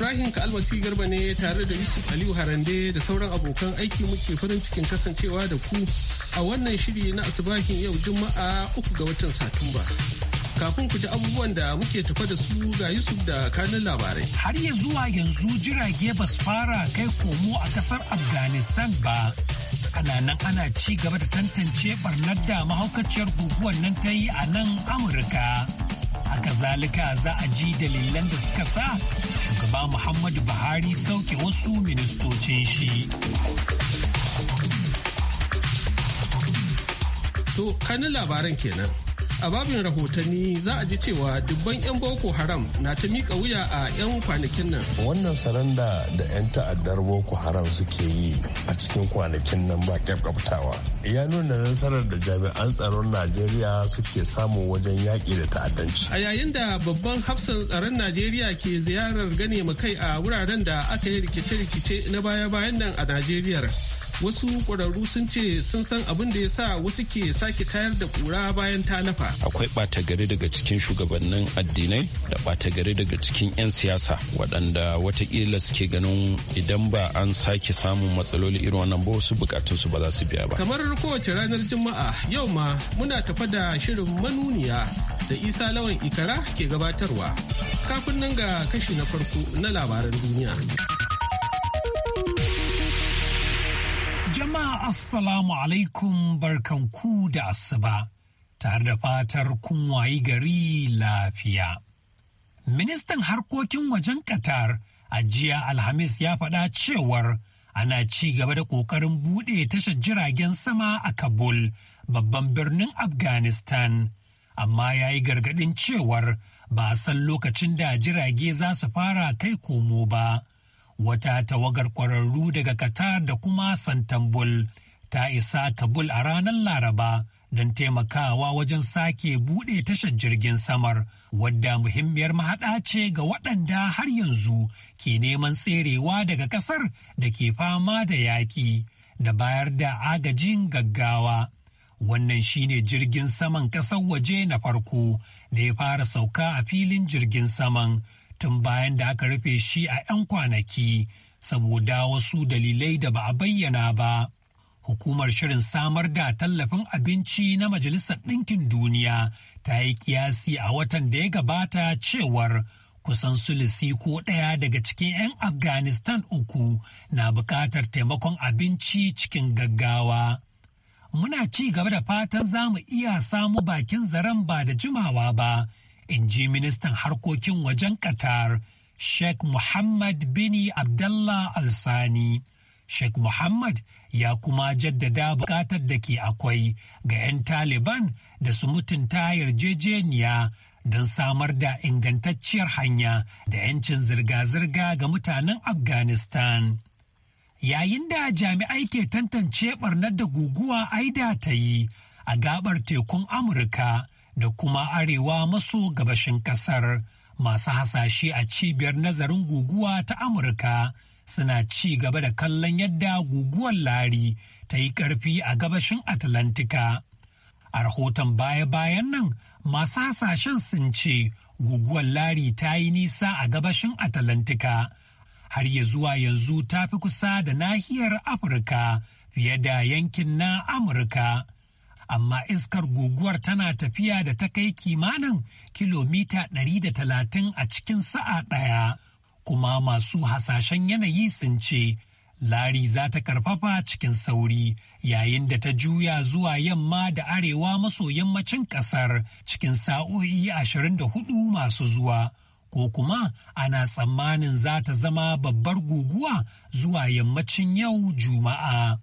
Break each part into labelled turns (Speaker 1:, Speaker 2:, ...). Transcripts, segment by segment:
Speaker 1: Ibrahim Kalmasi Garba ne tare da Yusuf Aliyu Harande da sauran abokan aiki muke farin cikin kasancewa da ku a wannan shiri na asibahin yau Juma'a uku ga watan Satumba. Kafin ku ji abubuwan da muke tafa da su ga Yusuf da kanin labarai.
Speaker 2: Har ya zuwa yanzu jirage ba su fara kai komo a kasar Afghanistan ba. Ana nan ana ci gaba da tantance barnar da mahaukaciyar guguwar nan ta yi a nan Amurka. Kazalika za a ji dalilan da suka sa shugaba muhammadu buhari sauke wasu ministocin shi
Speaker 1: to kanin labaran kenan a babin rahotanni za a ji cewa dubban 'yan boko haram na ta mika wuya a 'yan kwanakin nan
Speaker 3: wannan saranda da 'yan ta'addar boko haram suke yi a cikin kwanakin nan ba kyakkyaftawa
Speaker 1: ya nuna nasarar
Speaker 3: da jami'an tsaron najeriya suke samu wajen yaƙi da ta'addanci
Speaker 1: a yayin da babban hafsan tsaron najeriya ke ziyarar gane kai a wuraren da aka yi rikice-rikice na baya-bayan nan a najeriya wasu ƙwararru sun ce sun san abin da ya sa wasu ke sake tayar da ƙura bayan ta lafa.
Speaker 4: Akwai ɓata gari daga cikin shugabannin addinai da ɓata gari daga cikin 'yan siyasa waɗanda watakila suke ganin idan ba an sake samun matsaloli irin wannan ba wasu bukatun su ba za su biya ba.
Speaker 1: Kamar kowace ranar Juma'a yau ma muna tafa da shirin manuniya da Isa Lawan Ikara ke gabatarwa. Kafin nan ga kashi na farko na labaran duniya.
Speaker 2: Jama'a Assalamu alaikum barkanku da asuba tare da fatar kun wayi gari lafiya. Ministan harkokin wajen Qatar a jiya Alhamis ya faɗa cewar ana ci gaba da ƙoƙarin buɗe tashar jiragen sama a Kabul babban birnin Afghanistan. Amma ya yi gargaɗin cewar ba san lokacin da jirage za su fara kai komo ba. wata tawagar kwararru daga Qatar da kuma Santambul ta isa Kabul a ranar Laraba don taimakawa wajen sake buɗe tashar jirgin samar wadda muhimmiyar mahaɗa ce ga waɗanda har yanzu ke neman tserewa daga ƙasar da ke fama da yaƙi da bayar da agajin gaggawa. Wannan shine jirgin saman ƙasar waje na farko da ya fara sauka a filin jirgin saman. tun bayan da aka rufe shi a 'yan kwanaki saboda wasu dalilai da ba a bayyana ba. Hukumar shirin samar da tallafin abinci na Majalisar Ɗinkin Duniya ta yi kiyasi a watan da ya gabata cewar kusan sulisi ko ɗaya daga cikin 'yan Afghanistan uku na buƙatar taimakon abinci cikin gaggawa. Muna ci gaba da fatan za mu iya samu bakin zaren ba da jimawa ba. in ji ministan harkokin wajen qatar sheikh muhammad bini abdallah al-sani Sheikh Muhammad ya kuma jaddada bukatar da ke akwai ga 'yan Taliban da su mutunta yarjejeniya don samar da ingantacciyar hanya da 'yancin zirga-zirga ga mutanen Afghanistan. Yayin da jami'ai ke tantance barnar da guguwa aida ta yi a gabar tekun Amurka da kuma arewa maso gabashin kasar masu hasashe a cibiyar nazarin guguwa ta amurka suna ci gaba da kallon yadda guguwar lari ta yi ƙarfi a gabashin atlantika a rahoton baya-bayan nan masu hasashen sun ce guguwar lari ta yi nisa a gabashin atlantika har ya zuwa yanzu ta fi kusa da nahiyar afirka fiye da yankin na amurka amma iskar guguwar tana tafiya da ta kai kimanin kilomita 130 a cikin sa'a ɗaya. Kuma masu hasashen yanayi sun ce, Lari za ta karfafa cikin sauri yayin da ta juya zuwa yamma da arewa maso yammacin ƙasar cikin sa'o'i 24 masu zuwa. ko kuma ana tsammanin za ta zama babbar guguwa zuwa yammacin yau juma'a.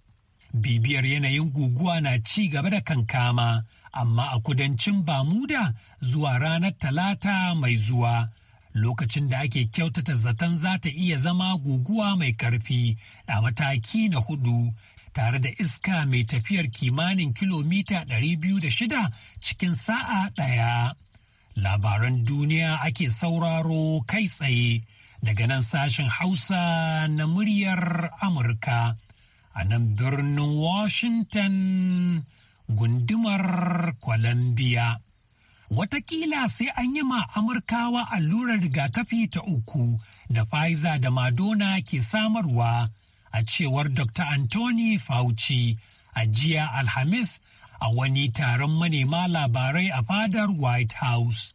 Speaker 2: bibiyar yanayin guguwa na ci gaba da kankama amma a kudancin bamuda zuwa ranar talata mai zuwa lokacin da ake kyautata zaton za ta iya zama guguwa mai karfi a mataki na hudu tare da iska mai tafiyar kimanin kilomita 206 cikin sa'a ɗaya. Labaran duniya ake sauraro kai tsaye daga nan sashen Hausa na muryar Amurka a nan birnin Washington gundumar Columbia. Wataƙila sai an yi ma Amurkawa allurar rigakafi ta uku da Pfizer da Madonna ke samarwa a cewar Dr. Anthony Fauci a jiya Alhamis a wani taron manema labarai a fadar White House.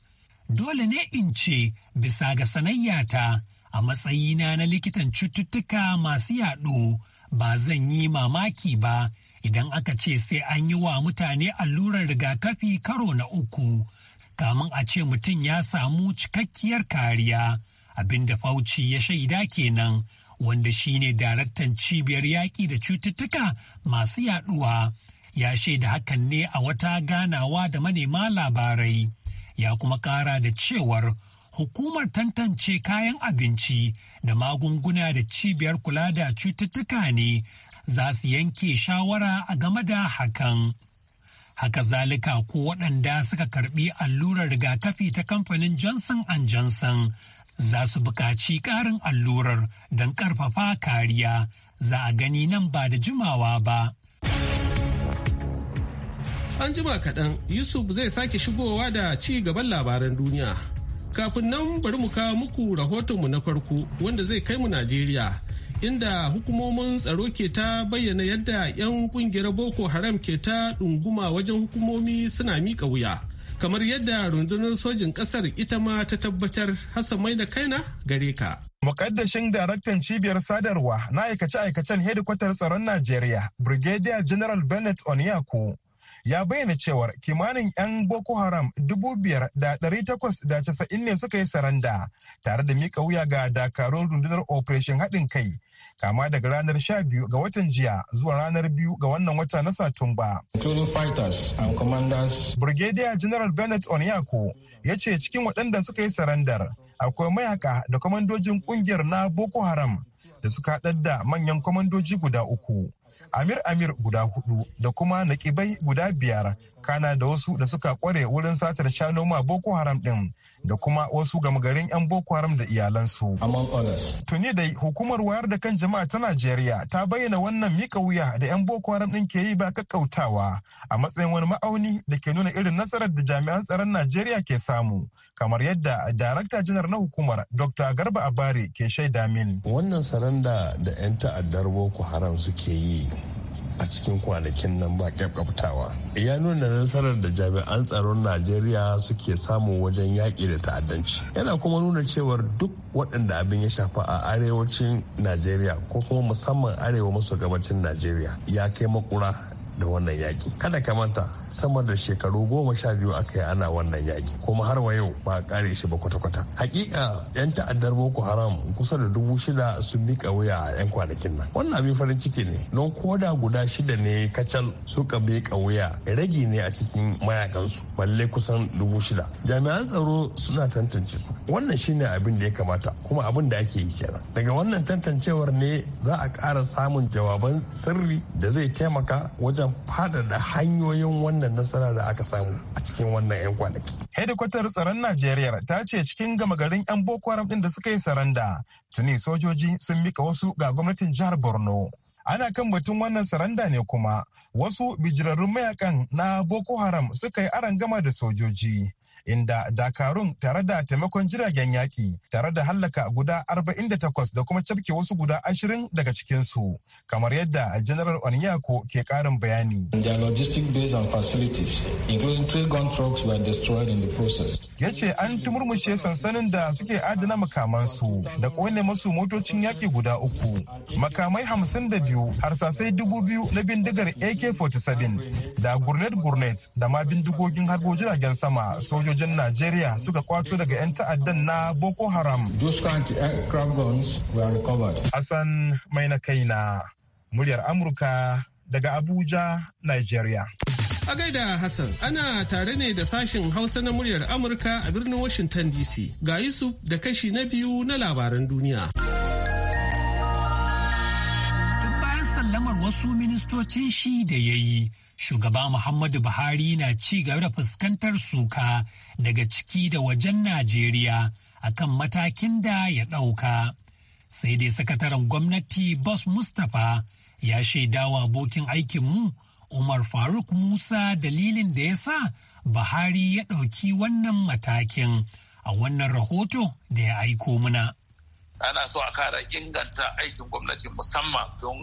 Speaker 2: Dole ne in ce bisa ga sanayyata a matsayina na likitan cututtuka masu yaɗo ba zan yi mamaki ba idan aka ce sai an yi wa mutane allurar rigakafi karo na uku kamun a ce mutum ya samu cikakkiyar kariya abinda fauci ya shaida kenan wanda shine daraktan cibiyar yaƙi da cututtuka masu yaɗuwa ya shaida hakan ne a wata ganawa da manema labarai ya kuma ƙara da cewar hukumar tantance kayan abinci da magunguna da cibiyar kula da cututtuka ne za su yanke shawara a game da hakan. Haka zalika ko waɗanda suka karɓi allurar rigakafi ta kamfanin Johnson Johnson za su buƙaci ƙarin allurar don ƙarfafa kariya za a gani nan ba da jimawa ba.
Speaker 1: An jima kaɗan Yusuf zai sake shigowa da ci gaban labaran duniya. Kafin nan bari mu kawo muku mu na farko wanda zai kai mu Najeriya. Inda hukumomin tsaro ke ta bayyana yadda 'yan kungiyar Boko Haram ke ta ɗunguma wajen hukumomi suna miƙa wuya. Kamar yadda rundunar sojin ƙasar ita ma ta tabbatar Hassan Mai da kaina gare ka.
Speaker 5: Mukaddashin daraktan cibiyar sadarwa na aikace-aikacen hedikwatar tsaron Najeriya, Brigadier General Bennett Onyaku, ya bayyana cewar kimanin 'yan Boko Haram 5,890 ne suka yi saranda tare da mika wuya ga dakarun rundunar Operation haɗin kai kama daga ranar 12 ga watan jiya zuwa ranar 2 ga wannan wata na Satumba. Brigadier General Bennett Onyako ya ce cikin waɗanda suka yi sarandar akwai mayaka da kwamandojin ƙungiyar na Boko Haram da suka haɗar da manyan kwamandoji guda uku. amir amir guda hudu da kuma naƙibai guda biyar kana da wasu da suka kware wurin satar shanoma boko haram din da kuma wasu gama garin 'yan Boko Haram da iyalansu. Tuni dai hukumar wayar da kan jama'a ta Najeriya ta bayyana wannan mika wuya da 'yan Boko Haram ɗin ke yi ba kakkautawa a matsayin wani ma'auni da ke nuna irin nasarar da jami'an tsaron Najeriya ke samu. Kamar yadda Darakta Janar na hukumar Dr. Garba Abare ke shaida min. Wannan saranda da 'yan
Speaker 3: ta'addar Boko Haram suke yi a cikin kwanakin nan ba kyakkyaftawa ya nuna nasarar da jami'an tsaron najeriya suke samu wajen yaƙi da ta'addanci yana kuma nuna cewar duk waɗanda abin ya shafa a arewacin najeriya ko kuma musamman arewa maso gabacin najeriya ya kai makura da wannan yaƙi kada ka manta sama da shekaru goma sha biyu aka yi ana wannan yaƙi kuma har wa yau ba a kare shi ba kwata-kwata hakika yan ta'addar boko haram kusa da dubu shida sun bi wuya a yan kwanakin nan wannan abin farin ciki ne don koda guda shida ne kacal suka bi wuya ragi ne a cikin mayakansu balle kusan dubu shida jami'an tsaro suna tantance su wannan shine abin da ya kamata kuma abin da ake yi kenan daga wannan tantancewar ne za a ƙara samun jawaban sirri da zai taimaka wajen da faɗaɗa hanyoyin wannan nasara da aka samu a cikin wannan 'yan kwanaki.
Speaker 5: Hedikwatar tsaron Najeriya ta ce cikin gama garin 'yan Boko Haram ɗin da suka yi saranda tuni sojoji sun mika wasu ga gwamnatin jihar Borno. Ana kan batun wannan saranda ne kuma wasu bijirarrun mayakan na Boko Haram suka yi gama da sojoji. inda dakarun tare da taimakon jiragen yaki tare da hallaka guda 48 da kuma cafke wasu guda 20 daga cikinsu kamar yadda general onyako ke ƙarin bayani ya ce an tumurmushe sansanin da suke adana makamansu da ƙone masu motocin yaki guda uku makamai hamsin da 52 harsasai biyu na bindigar ak-47 da gurnet gurnet da ma bindigogin harbo jiragen sama sojoji sojojin Najeriya suka kwato daga 'yan ta'addan na Boko Haram. Hassan mai na kaina muryar Amurka daga Abuja, Najeriya.
Speaker 1: A gaida Hassan, ana tare ne da sashen Hausa na muryar Amurka a birnin Washington DC. Ga Yusuf da kashi na biyu na labaran duniya.
Speaker 6: Tun
Speaker 2: bayan sallamar wasu ministocin shi da ya yi shugaba Muhammadu Buhari na ci gaba da fuskantar suka daga ciki da wajen Najeriya akan matakin da ya ɗauka. Sai dai sakataren gwamnati Bas Mustapha ya shaidawa abokin aikinmu Umar Faruk Musa dalilin da ya sa Buhari ya ɗauki wannan matakin a wannan rahoto da ya aiko muna.
Speaker 7: ana so a kara inganta aikin gwamnati musamman don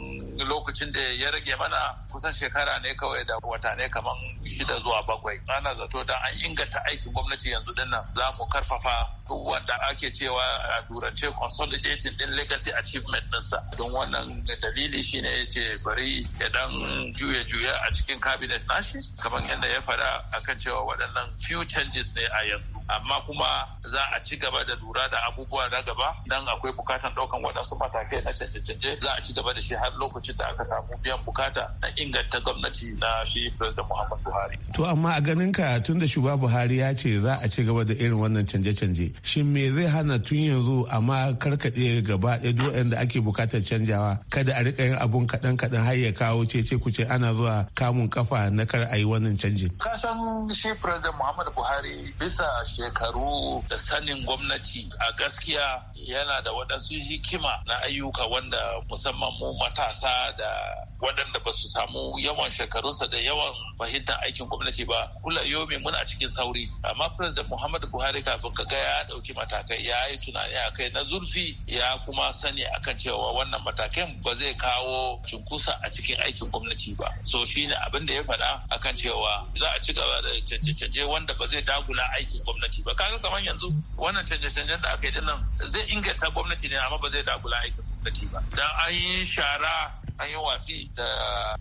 Speaker 7: lokacin da ya rage mana kusan shekara ne kawai da watanni kamar shida zuwa bakwai ana zato da an inganta aikin gwamnati yanzu dinnan za mu karfafa wanda ake cewa a turance consolidating din legacy achievement dinsa don wannan dalili shine ya ce bari ya dan juya juya a cikin cabinet nashi kamar yadda ya faɗa kan cewa waɗannan few changes ne a yanzu amma kuma za a ci gaba da lura da abubuwa na gaba dan akwai bukatan ɗaukan waɗansu matakai na canje-canje za a ci gaba da shi har lokacin da aka samu biyan bukata na inganta gwamnati na shi da Muhammad Buhari.
Speaker 1: To amma a ganin ka tun da shugaba Buhari ya ce za a ci gaba da irin wannan canje-canje shin me zai hana tun yanzu amma karkaɗe gaba ɗaya duk wanda ake bukatar canjawa kada a rika yin abun kaɗan kaɗan har ya kawo cece kuce ana zuwa kamun kafa na kar a yi wannan canji
Speaker 7: ka san shi president muhammad buhari bisa shekaru da sanin gwamnati a gaskiya yana da waɗansu hikima na ayyuka wanda musamman mu matasa da waɗanda ba su samu yawan shekarunsa da yawan fahimtar aikin gwamnati ba kula yomi muna cikin sauri amma president muhammad buhari kafin ka gaya. ɗauki matakai ya yi tunani a kai na zurfi ya kuma sani akan cewa wannan matakan ba zai kawo cunkusa a cikin aikin gwamnati ba so shi ne abin da ya faɗa akan cewa za a ci gaba da canje-canje wanda ba zai dagula aikin gwamnati ba kaga kamar yanzu wannan canje-canjen da aka yi dinnan zai inganta gwamnati ne amma ba zai dagula aikin gwamnati ba dan an yi shara an yi watsi da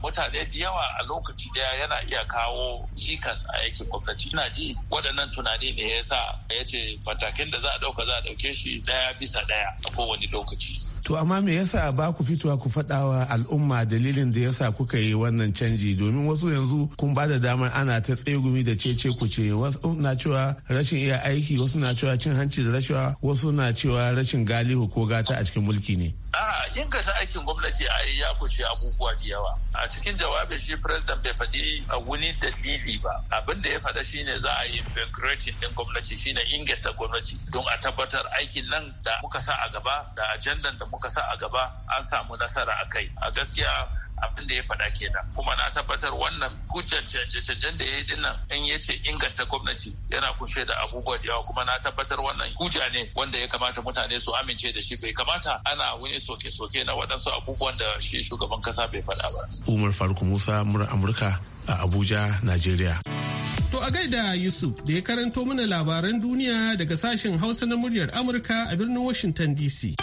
Speaker 7: mutane da yawa a lokaci daya yana iya kawo cikas a yakin gwamnati ina ji waɗannan tunani ne yasa ya ce matakin da za a ɗauka za a ɗauke shi ɗaya bisa ɗaya a kowane lokaci
Speaker 1: To amma me yasa ba ku fitowa ku faɗawa al'umma dalilin da yasa kuka yi wannan canji domin wasu yanzu kun ba da damar ana ta tsegumi da cece ku ce wasu na cewa rashin iya aiki wasu na cewa cin hanci da rashawa wasu na cewa rashin galihu ko gata a cikin mulki ne.
Speaker 7: inganta aikin gwamnati a ya kushe abubuwa da yawa a cikin jawabin shi president bai faɗi a wuni dalili ba abin da ya faɗa shine za a yi integrating din gwamnati shine inganta gwamnati don a tabbatar aikin nan da muka sa a gaba da ajandan da muka sa a gaba an samu nasara a kai a gaskiya abin da ya faɗa kenan kuma na tabbatar wannan hujjar canje-canjen da ya yi dinnan in ya ce inganta gwamnati yana kushe da abubuwa da yawa kuma na tabbatar wannan hujja ne wanda ya kamata mutane su amince da shi bai kamata ana wani soke-soke na waɗansu abubuwan da shi shugaban kasa bai faɗa ba.
Speaker 1: Umar Faruk Musa mura Amurka a Abuja, Najeriya. To a gaida Yusuf da ya karanto mana labaran duniya daga sashen Hausa na muryar Amurka a birnin Washington DC.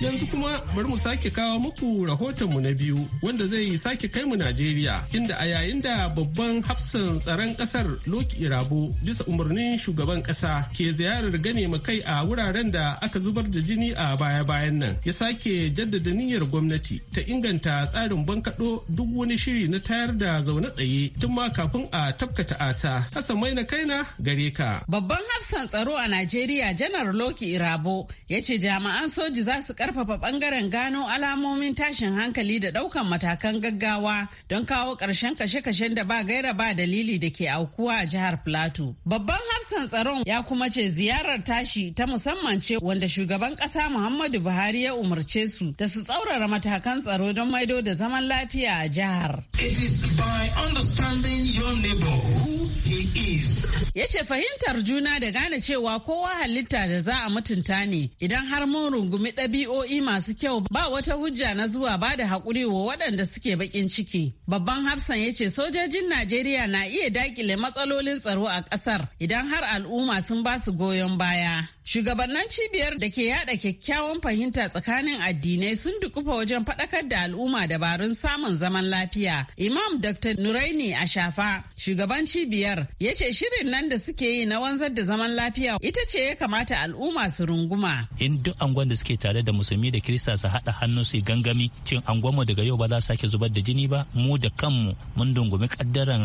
Speaker 1: Yanzu kuma bari mu sake kawo muku rahotonmu na biyu wanda zai sake kai mu Najeriya inda a yayin da babban hafsan tsaron kasar Loki Irabo bisa umarnin shugaban kasa ke ziyarar gane kai a wuraren da aka zubar da jini a baya-bayan nan ya sake jaddada niyyar gwamnati ta inganta tsarin bankaɗo duk wani shiri na tayar da zaune tsaye tun ma kafin a tabkata asa. Hassan na Kaina gare ka.
Speaker 6: Babban hafsan tsaro a Najeriya Janar Loki Irabo ya ce jami'an soji za su karfafa bangaren gano alamomin tashin hankali da daukan matakan gaggawa don kawo ƙarshen kashe-kashen da ba gaira ba dalili da ke aukuwa a jihar Plateau. Babban hafsan tsaron ya kuma ce ziyarar tashi ta musamman ce wanda shugaban ƙasa Muhammadu Buhari ya umarce su da su tsaurara matakan tsaro don maido da zaman lafiya a jihar.
Speaker 8: It is by understanding your neighbor who he is.
Speaker 6: Ya ce fahimtar juna da gane cewa kowa halitta da za a mutunta ne idan har mun rungumi ɗabi'o addu'o'i masu kyau ba wata hujja na zuwa ba da haƙuri wa waɗanda suke baƙin ciki. Babban Hafsan ya ce sojojin Najeriya na iya daƙile matsalolin tsaro a ƙasar idan har al'umma sun ba su goyon baya. Shugabannin cibiyar da ke yada kyakkyawan fahimta tsakanin addinai sun dukufa wajen fadakar da al'umma dabarun samun zaman lafiya. Imam Dr. Nuraini Ashafa, shugaban cibiyar, ya ce shirin nan da suke yi na wanzar da zaman lafiya ita ce ya kamata al'umma su runguma.
Speaker 9: In duk angon da suke tare da musulmi da kirista su haɗa hannu su gangami cin angonmu daga yau ba za sake zubar da jini ba mu da kanmu mun dungumi kaddaran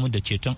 Speaker 9: mu da ceton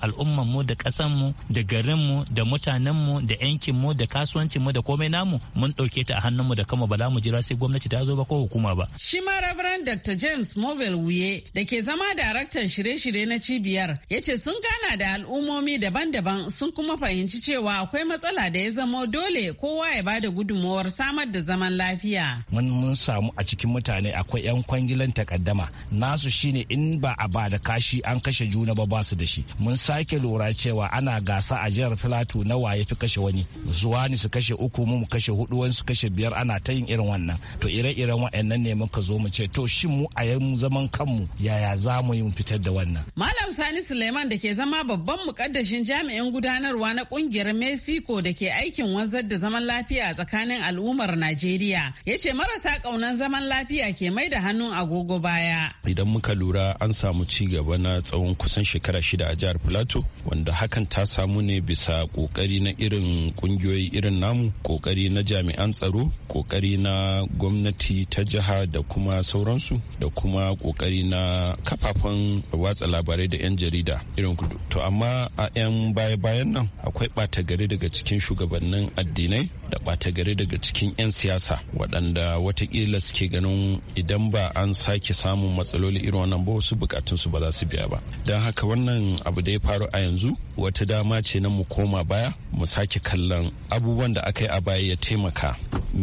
Speaker 9: mu da mu da garinmu da mutanenmu da yankinmu da kasuwanci hukuncin mu da komai namu mun ɗauke ta a hannun mu da kama ba mu jira sai gwamnati ta zo ba ko hukuma ba.
Speaker 6: Shi ma Reverend Dr. James Mobile Wuye da ke zama daraktan shirye-shirye na cibiyar ya ce sun gana da al'ummomi daban-daban sun kuma fahimci cewa akwai matsala da ya zamo dole kowa ya ba da gudummawar samar da zaman lafiya.
Speaker 8: Mun mun samu a cikin mutane akwai 'yan kwangilan takaddama nasu shine in ba a ba da kashi an kashe juna ba basu da shi. Mun sake lura cewa ana gasa a jihar Filato na waye fi kashe wani. Zuwa ni su kashe uku mu kashe hudu wasu kashe biyar ana ta yin irin wannan to ire-iren wa'annan ne muka zo mu ce to shin mu a yan zaman kanmu yaya za mu yi mu fitar da wannan
Speaker 6: malam sani suleiman da ke zama babban mukaddashin jami'in gudanarwa na kungiyar mexico da ke aikin wanzar da zaman lafiya tsakanin al'ummar najeriya ya ce marasa kaunan zaman lafiya ke mai da hannun agogo baya
Speaker 4: idan muka lura an samu ci gaba na tsawon kusan shekara shida a jihar plateau wanda hakan ta samu ne bisa kokari na irin kungiyoyi irin namu kokari na jami'an tsaro kokari na gwamnati ta jiha da kuma sauransu da kuma kokari na kafafen watsa labarai da 'yan jarida irin kudu to amma a 'yan baya-bayan nan akwai ɓata gari daga cikin shugabannin addinai da bata gari daga cikin 'yan siyasa waɗanda watakila suke ganin idan ba an sake samun matsaloli irin wannan ba wasu bukatunsu ba za su biya ba don haka wannan abu da ya faru a yanzu wata dama ce na mu koma baya mu sake kallon abubuwan da aka yi a baya ya taimaka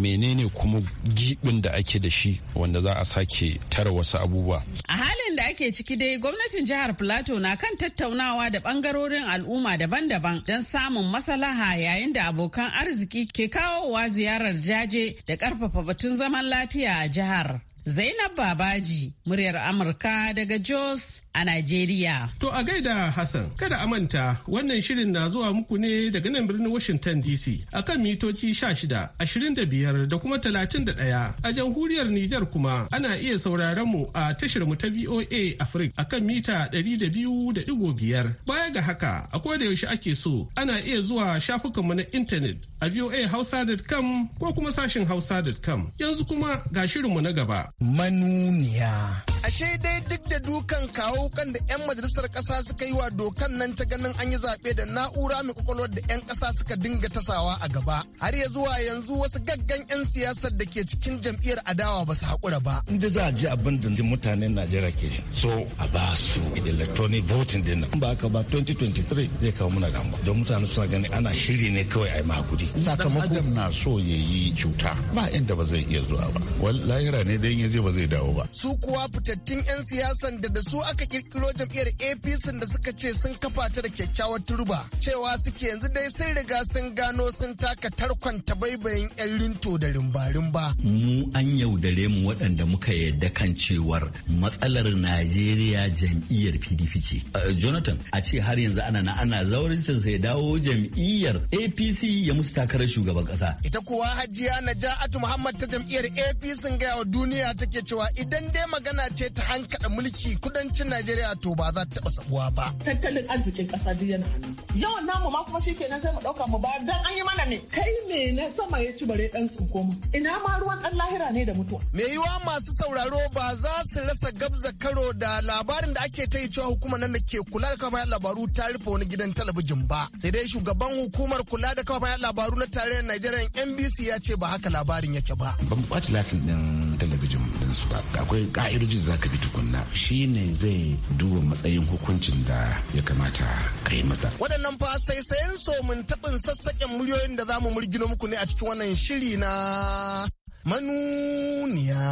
Speaker 4: menene kuma gibin da ake da shi wanda za a sake tara wasu abubuwa
Speaker 6: a halin da ake ciki dai gwamnatin jihar plato na kan tattaunawa da bangarorin al'umma daban-daban don samun maslaha yayin da abokan arziki ke kawowa ziyarar jaje da karfafa batun zaman lafiya a jihar. Zainab Babaji, muryar Amurka daga Jos a Najeriya. To a gaida
Speaker 1: Hassan, kada a manta, wannan shirin na zuwa muku ne daga nan birnin Washington DC a kan mitoci 16, 25 da kuma 31. A jamhuriyar Nijar kuma ana iya sauraron mu a tashar mu ta VOA Africa kan mita 200.5. Baya ga haka, a da yaushe ake so ana iya zuwa shafukanmu na intanet a VOA voahausa.com ko kuma sashin hausa.com. Yanzu kuma ga shirinmu na gaba. Manuniya.
Speaker 10: Ashe dai duk da dukan kawo sukan da 'yan majalisar kasa suka yi wa dokan nan ta ganin an yi zaɓe da na'ura mai kwakwalwar da 'yan kasa suka dinga tasawa a gaba. Har ya zuwa yanzu wasu gaggan 'yan siyasar da ke cikin jam'iyyar adawa ba su haƙura ba.
Speaker 8: Inda za a ji abin da mutanen Najeriya ke so a ba su electronic voting din nan. Ba haka
Speaker 11: ba 2023 zai kawo muna damuwa. Don mutane suna gani ana shiri ne kawai a yi mahakuri. Sakamako na so ya yi cuta ba inda ba zai iya zuwa ba. Wal lahira ne yin ya ba zai dawo ba.
Speaker 10: Su kuwa fitattun 'yan siyasan da da su aka kirkiro jam'iyyar apc da suka ce sun kafa ta da kyakkyawar turba cewa suke yanzu dai sun riga sun gano sun taka tarkon tabaibayin yan rinto
Speaker 12: da rimba-rimba mu an yaudare mu waɗanda muka yadda kan cewar matsalar najeriya jam'iyyar pdp ce jonathan a ce har yanzu ana na ana zaurincin sai dawo jam'iyyar apc ya musu takarar shugaban kasa
Speaker 10: ita kuwa hajiya naja'atu muhammad ta jam'iyyar apc gaya wa duniya take cewa idan dai magana ce ta hankali mulki kudancin Najeriya to ba za ta taɓa sabuwa ba. Tattalin arzikin ƙasa duk yana hannu. Yawan namu ma kuma shikenan sai mu ɗauka mu ba dan an yi mana ne. Kai me na sama ya ci bare ɗan tsinko Ina ma ruwan ɗan lahira ne da mutuwa. Me yiwa masu sauraro ba za su rasa gabza karo da labarin da ake ta yi cewa hukumar nan da ke kula da kafa labaru ta rufe wani gidan talabijin ba. Sai dai shugaban hukumar kula da kafa labaru na tarayyar Najeriya NBC ya ce ba haka labarin yake ba.
Speaker 13: Ban ɓaci lasin ɗin talabijin ba. Akwai ƙa'idojin za ka bi tukunna. Shi ne zai duba matsayin hukuncin da ya kamata ka yi masa.
Speaker 10: Waɗannan fa sai sayan so mun taɓin sassaƙen muryoyin da za mu murgino muku ne a cikin wannan shiri na manuniya.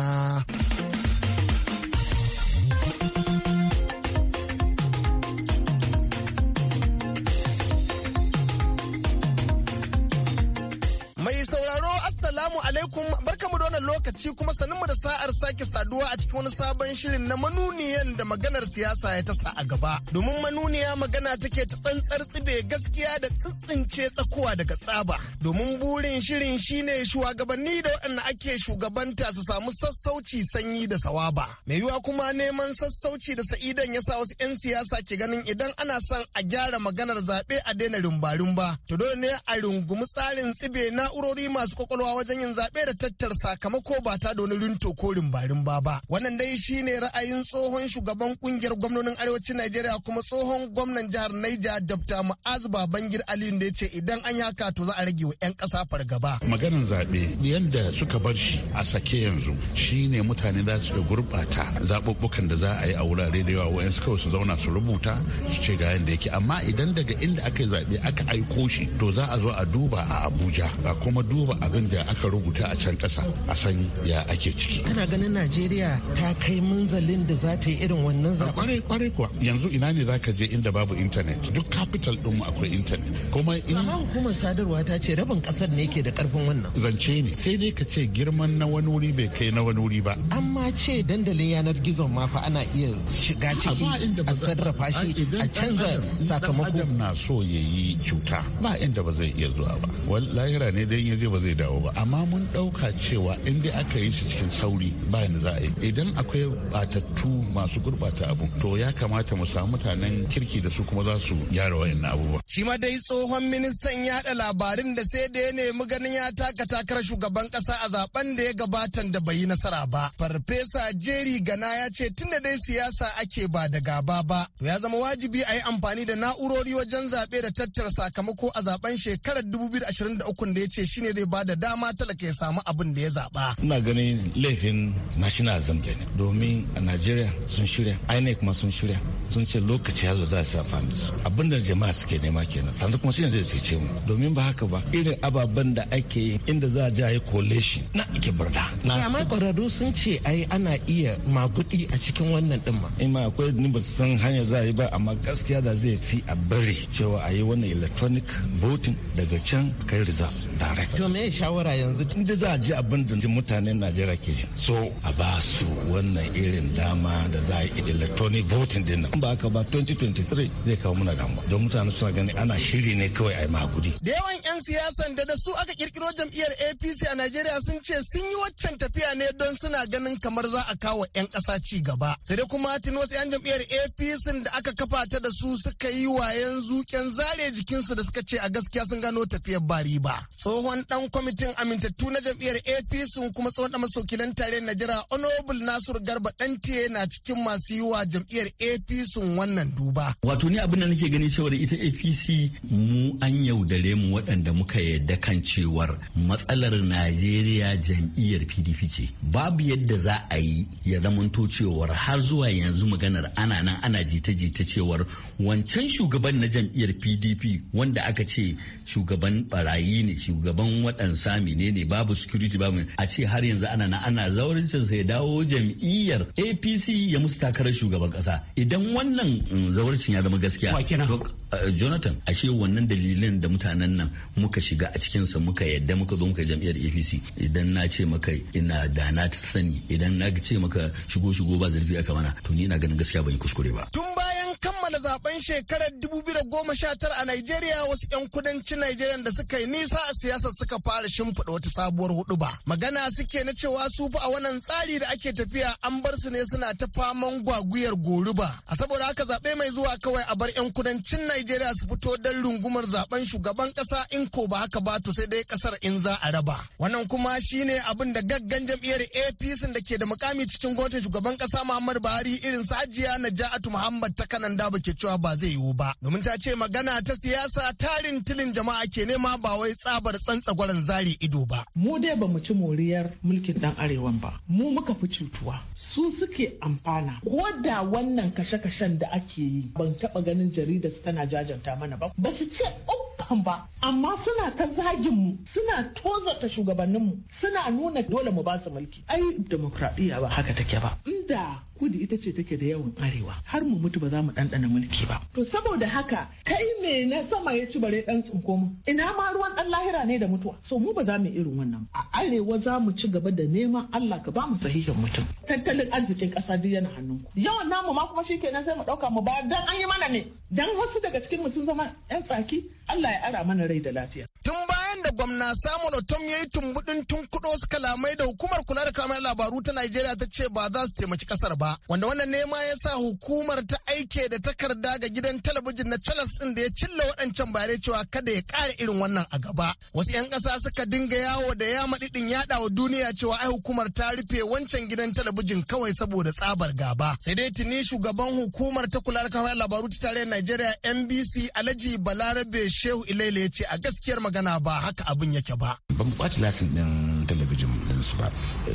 Speaker 10: Mai sauraro Assalamu alaikum barkamu wannan lokaci kuma mu da sa'ar sake saduwa a cikin wani sabon shirin na manuniyan da maganar siyasa ya tasa a gaba. Domin manuniya magana take ta tsantsar tsibe gaskiya da tsitsince tsakuwa daga tsaba. Domin burin shirin shine shugabanni da waɗanda ake shugabanta su samu sassauci sanyi da sawaba. Mai yiwuwa kuma neman sassauci da sa'idan ya sa wasu 'yan siyasa ke ganin idan ana son a gyara maganar zaɓe a daina rumba-rumba. To dole ne a rungumi tsarin tsibe na'urori masu kwakwalwa wajen yin zaɓe da tattar saka sakamako ba ta da wani rinto ko rimbarin ba ba wannan dai shine ra'ayin tsohon shugaban kungiyar gwamnonin arewacin Najeriya kuma tsohon gwamnan jihar Naija Dr. Mu'az Babangir Ali da ya ce idan an yaka haka to za a rage wa 'yan ƙasa fargaba.
Speaker 11: Maganin zaɓe yadda suka bar shi a sake yanzu shine mutane za su gurbata zaɓuɓɓukan da za a yi a wurare da yawa wa'yansu kawai su zauna su rubuta su ce ga yadda yake amma idan daga inda aka yi zaɓe aka aiko shi to za a zo a duba a Abuja a kuma duba abin da aka rubuta a can ƙasa a a san ya ake ciki
Speaker 8: kana ganin najeriya ta kai munzalin da za ta yi irin wannan zaɓe kwarai
Speaker 11: kwarai kuwa yanzu ina ne za ka je inda babu intanet duk capital ɗinmu akwai intanet kuma in hukumar sadarwa ta ce rabin ƙasar ne ke da ƙarfin wannan zance ne sai dai ka ce girman na wani wuri bai kai na wani wuri ba amma ce
Speaker 8: dandalin yanar gizon ma fa ana iya shiga ciki a sarrafa shi a canza sakamako adam
Speaker 11: na so ya yi cuta ba inda ba zai iya zuwa ba lahira ne dan yaje ba zai dawo ba amma mun ɗauka cewa in dai aka yi su cikin sauri ba da za a yi idan akwai batattu masu gurbata abu to ya kamata mu samu mutanen kirki da su kuma za su gyara na abubuwa
Speaker 10: shi ma dai tsohon ministan yaɗa labarin da sai da ya nemi ganin ya taka takarar shugaban kasa a zaben da ya gabatan da bai yi nasara ba farfesa jerry gana ya ce tunda dai siyasa ake ba da gaba ba to ya zama wajibi a yi amfani da na'urori wajen zaɓe da tattara sakamako a zaben shekarar 2023 da ya ce shine zai ba da dama talaka ya samu abin da ya zaɓa
Speaker 8: karba ina ganin laifin national assembly ne domin a nigeria sun shirya inec ma sun shirya sun ce lokaci ya zo za su amfani da su abin da jama'a suke nema kenan sanda kuma shine zai ce mu domin ba haka ba irin ababen da ake yi inda za a ji a coalition na ake burda na amma kwararru sun ce ai ana iya magudi a cikin wannan din ma in ma akwai ni ba san hanya za a yi ba amma gaskiya da zai fi a bari cewa a yi wannan electronic voting daga can kai results direct to me shawara yanzu inda za a ji abin da yawancin mutanen najeriya ke so a ba su wannan irin dama da za a yi electronic voting din nan ba haka ba 2023 zai kawo muna damuwa don mutane suna gani ana shiri ne kawai a yi mahagudi
Speaker 10: da yawan yan siyasan da da su aka kirkiro jam'iyyar apc a najeriya sun ce sun yi waccan tafiya ne don suna ganin kamar za a kawo yan kasa ci gaba sai dai kuma tun wasu yan jam'iyyar apc da aka kafa ta da su suka yi wayan zuken zare jikinsu da suka ce a gaskiya sun gano tafiyar bari ba riba tsohon dan kwamitin amintattu na jam'iyyar apc sun kuma tsawon da masokilan tare Najeriya Honorable Nasiru Garba Dantiye na cikin masu yi wa jam'iyyar APC wannan
Speaker 12: duba. Wato ni abin da nake gani cewar ita APC mu an yaudare mu waɗanda muka yadda kan cewar matsalar Najeriya jam'iyyar PDP ce. Babu yadda za a yi ya zamanto cewar har zuwa yanzu maganar ana nan ana jita-jita cewar wancan shugaban na jam'iyyar PDP wanda aka ce shugaban barayi ne shugaban waɗansa menene babu security babu a ce har yanzu ana na ana zaurincin sai dawo jam'iyyar APC ya musu takarar shugaban kasa idan wannan mm, zawarcin ya zama gaskiya uh, Jonathan ashe wannan dalilin da mutanen nan muka shiga a cikinsa muka yadda muka zo muka jam'iyyar APC idan na ce maka ina da na sani idan na ce maka shigo shigo ba zurfi aka mana to ni ina ganin gaskiya ban yi kuskure ba
Speaker 10: tun bayan kammala zaben shekarar 2019 a Najeriya wasu 'yan kudancin Najeriya da suka yi nisa a siyasa suka fara shimfiɗa wata sabuwar hudu ba magana suke na cewa su fa a wannan tsari da ake tafiya an bar su ne suna ta faman gwaguyar goruba a saboda haka zaɓe mai zuwa kawai a bar 'yan kudancin najeriya su fito don rungumar zaben shugaban kasa in ko ba haka ba to sai dai ƙasar in za a raba wannan kuma shine abin da gaggan jam'iyyar apc da ke da mukami cikin gwamnatin shugaban ƙasa muhammadu buhari irin su hajiya ja'atu muhammad ta kanan da ke cewa ba zai yiwu ba domin ta ce magana ta siyasa tarin tilin jama'a ke nema ba wai tsabar tsantsa gwaran zari ido ba
Speaker 1: mu dai ba mu ci more moriyar mulkin dan arewan ba
Speaker 10: mu muka fi cutuwa su suke amfana ko da wannan kashe-kashen da ake yi ban taba ganin jaridar su tana jajanta mana ba ba su ce uffan ba amma suna ta zagin mu suna tozarta shugabanninmu suna nuna dole mu ba su mulki ai demokradiyya ba haka take ba inda Kudi ita ce take da yawan arewa har mu mutu ba za mu ɗanɗana mulki ba. To saboda haka kai me na sama ya ci bare ɗan tsinko mu ina ma ruwan ɗan lahira ne da mutuwa so mu ba za
Speaker 6: mu irin wannan a arewa za mu ci gaba da neman Allah ka ba mu sahihin mutum tattalin arzikin ƙasa duk yana hannunku yawan namu ma kuma shi kenan sai mu ɗauka mu ba dan an yi mana ne dan wasu daga
Speaker 10: cikin mu sun zama 'yan tsaki Allah ya ara mana rai da lafiya. Tun da gwamna Samuel Otom ya yi tumbudin kudo wasu kalamai da hukumar kula da kamar labaru ta Najeriya ta ce ba za su taimaki kasar ba. Wanda wannan nema ya sa hukumar ta aike da takarda ga gidan talabijin na Channels ɗin da ya cilla waɗancan bare cewa kada ya ƙara irin wannan a gaba. Wasu 'yan ƙasa suka dinga yawo da ya ɗin yada wa duniya cewa ai hukumar ta rufe wancan gidan talabijin kawai saboda tsabar gaba. Sai dai tuni shugaban hukumar ta kula da kamar labaru ta tarayyar Najeriya NBC Alhaji Balarabe Shehu Ilele ya ce a gaskiyar magana ba haka haka abin yake ba.
Speaker 13: Ban ɓaci lasin ɗin talabijin su ba.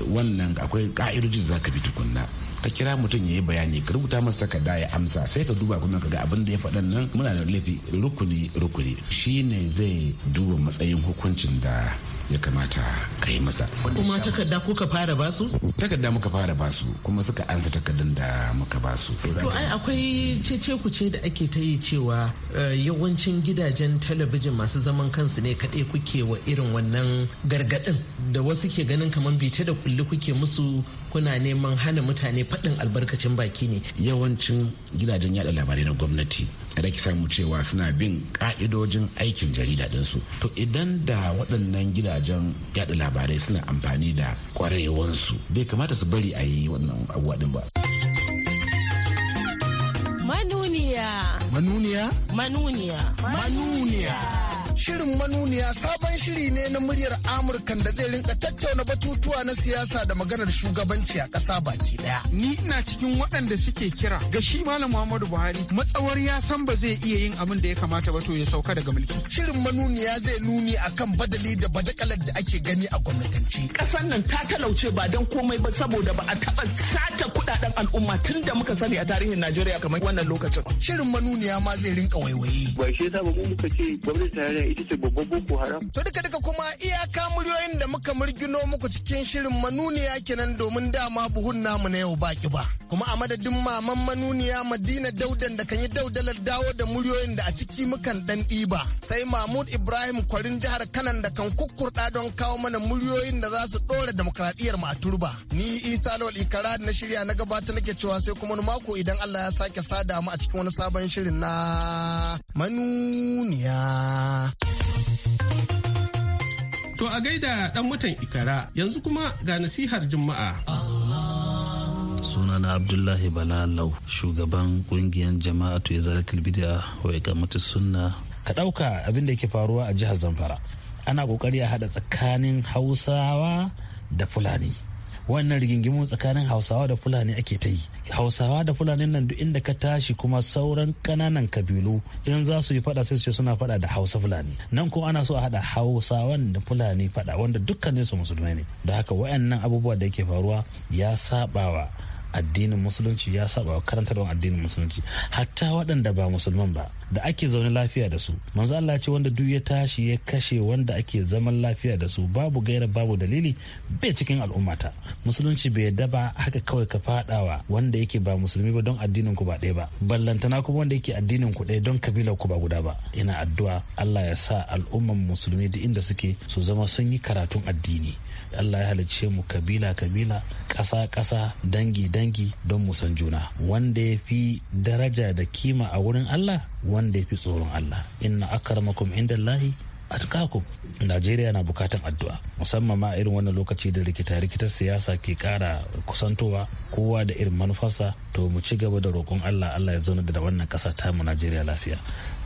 Speaker 13: Wannan akwai ƙa'idojin za ka bi tukunna. ka kira mutum ya yi bayani ka rubuta masa takarda ya amsa sai ka duba kuma ka ga abin da ya faɗan nan muna da laifi rukuni rukuni Shi ne zai duba matsayin hukuncin da ya kamata ka yi masa kuma takarda kuka fara basu takarda muka fara basu kuma suka ansa takardun da muka basu to ai
Speaker 8: akwai cece ce da ake ta yi cewa eh, yawancin gidajen talabijin masu zaman kansu ne kaɗai kuke wa irin wannan gargaɗin da wasu ke ganin kamar bice da kulli kuke musu kuna neman hana mutane faɗin albarkacin baki ne
Speaker 13: yawancin gidajen yada labarai na gwamnati da ke samu cewa suna bin ka'idojin aikin jarida ɗinsu to idan da waɗannan gidajen yada labarai suna amfani da ƙwarewansu bai kamata su bari a yi wannan abuwa
Speaker 8: din ba
Speaker 6: manuniya manuniya manuniya
Speaker 10: manuniya Shirin manuniya sabon shiri ne na muryar Amurka da zai rinka tattauna batutuwa na siyasa da maganar shugabanci a ƙasa baki ɗaya. Ni ina cikin waɗanda suke kira ga shi Malam Muhammadu Buhari matsawar ya san ba zai iya yin abin da ya kamata ba to ya sauka daga mulki. Shirin manuniya zai nuni akan badali da badakalar da ake gani a gwamnatance. Ƙasar nan ta talauce ba don komai ba saboda ba a taɓa sata kuɗa al'umma tun da muka sani a tarihin Najeriya kamar wannan lokacin. Shirin manuniya ma zai rinka
Speaker 1: waiwaye. Ba shi yasa ba mu muka ce gwamnati tarayya ita ce babban boko haram.
Speaker 10: To duka duka kuma iyaka muryoyin da muka murgino muku cikin shirin manuniya kenan domin dama buhun namu na yau baki ba. Kuma a madadin maman manuniya Madina Daudan da kan yi daudalar dawo da muryoyin da a ciki mukan dan ɗiba. Sai Mahmud Ibrahim Kwarin jihar Kanan da kan kukkurɗa don kawo mana muryoyin da za su ɗora demokradiyyar maturba. turba. Ni Isa Lawal Ikara na shirya na gabatar ta nake cewa sai kuma wani mako idan Allah ya sake sada mu a cikin wani sabon shirin na
Speaker 1: manuniya. To a gaida dan mutan ikara yanzu kuma ga nasihar juma'a.
Speaker 9: sunana abdullahi balalau shugaban kungiyar jama'atu ya zalatul bid'a wa mutu sunna ka ɗauka abin da yake faruwa a jihar zamfara ana kokari a haɗa tsakanin hausawa da fulani wannan rigingimu tsakanin hausawa da fulani ake ta yi hausawa da fulani nan duk inda ka tashi kuma sauran kananan kabilu in za su yi fada sai su ce suna fada da hausa fulani nan kuma ana so a hada hausawan da fulani fada wanda dukkanin su musulmai ne da haka wayannan abubuwa da yake faruwa ya sabawa addinin musulunci ya saba karantarwar addinin musulunci hatta waɗanda ba musulman ba da ake zaune lafiya da su manzo Allah ce wanda duk ya tashi ya kashe wanda ake zaman lafiya da su babu gaira babu dalili bai cikin al'ummata musulunci bai yadda ba haka kawai ka fadawa wanda yake ba musulmi ba don addinin ku ba ɗaya ba ballantana kuma wanda yake addinin ku ɗaya don kabilar ku ba guda ba ina addu'a Allah ya sa al'umman musulmi duk inda suke su zama sun yi karatun addini Allah ya halicce mu kabila kabila ƙasa ƙasa dangi dangi don mu san juna wanda ya fi daraja da kima a wurin Allah wanda ya fi tsoron Allah inna akramakum indallahi a tukaku najeriya na bukatan addu'a musamman ma irin wannan lokaci da rikita rikitar siyasa ke kara kusantowa kowa da irin manufarsa to mu ci gaba da roƙon allah allah ya zauna da wannan ƙasa ta mu najeriya lafiya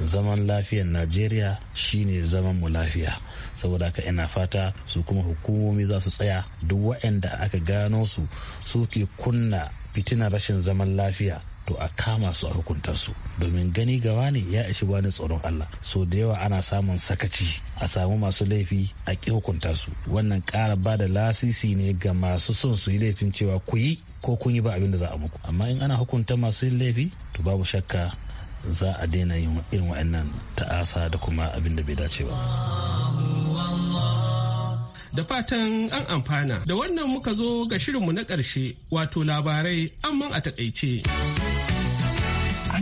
Speaker 9: zaman lafiyar najeriya shine zaman mu lafiya saboda haka ina fata su kuma hukumomi za su tsaya duk waɗanda aka gano su suke kunna fitinar rashin zaman lafiya to a kama su a hukunta su domin gani gawa ne ya ishi wani tsoron Allah so da yawa ana samun sakaci a samu masu laifi a ki hukunta su wannan kara ba da lasisi ne ga masu son su yi laifin cewa ku yi ko kun yi ba abin da za a muku amma in ana hukunta masu yin laifi to babu shakka za a daina yin irin
Speaker 1: wa'annan ta'asa da kuma abin da bai dace ba. da fatan an amfana da wannan muka zo ga shirinmu na ƙarshe wato labarai
Speaker 2: amman a taƙaice.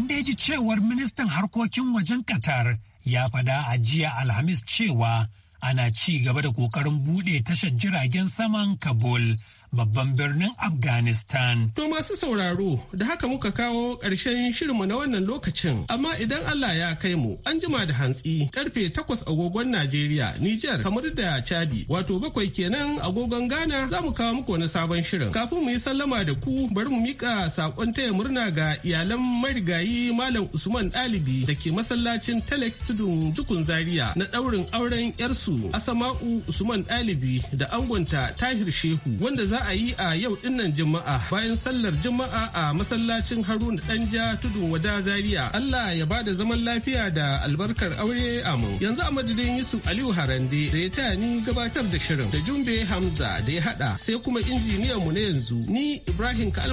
Speaker 2: An ya ji cewar ministan harkokin wajen Qatar ya fada a jiya Alhamis cewa ana ci gaba da ƙoƙarin buɗe tashar jiragen saman Kabul babban birnin Afghanistan. To masu
Speaker 1: sauraro da haka muka kawo ƙarshen shirinmu na wannan lokacin amma idan Allah ya kai mu an jima da hantsi karfe takwas agogon Najeriya, Nijar, kamar da Chadi wato bakwai kenan agogon Ghana za mu kawo muku wani sabon shirin. Kafin mu yi sallama da ku bari mu mika saƙon taya murna ga iyalan marigayi Malam Usman Ɗalibi da ke masallacin Telex Tudun Jukun Zaria na ɗaurin auren 'yarsu Asama'u Usman Ɗalibi da angonta Tahir Shehu wanda za za a yi a yau dinnan Juma'a bayan sallar Juma'a a masallacin Haruna Danja tudun wada Zaria. Allah ya ba da zaman lafiya da albarkar aure amu. Yanzu a madadin Yusuf Aliyu Harande da ya taya ni gabatar da shirin da Jumbe Hamza da ya hada sai kuma injiniyan mu na yanzu ni Ibrahim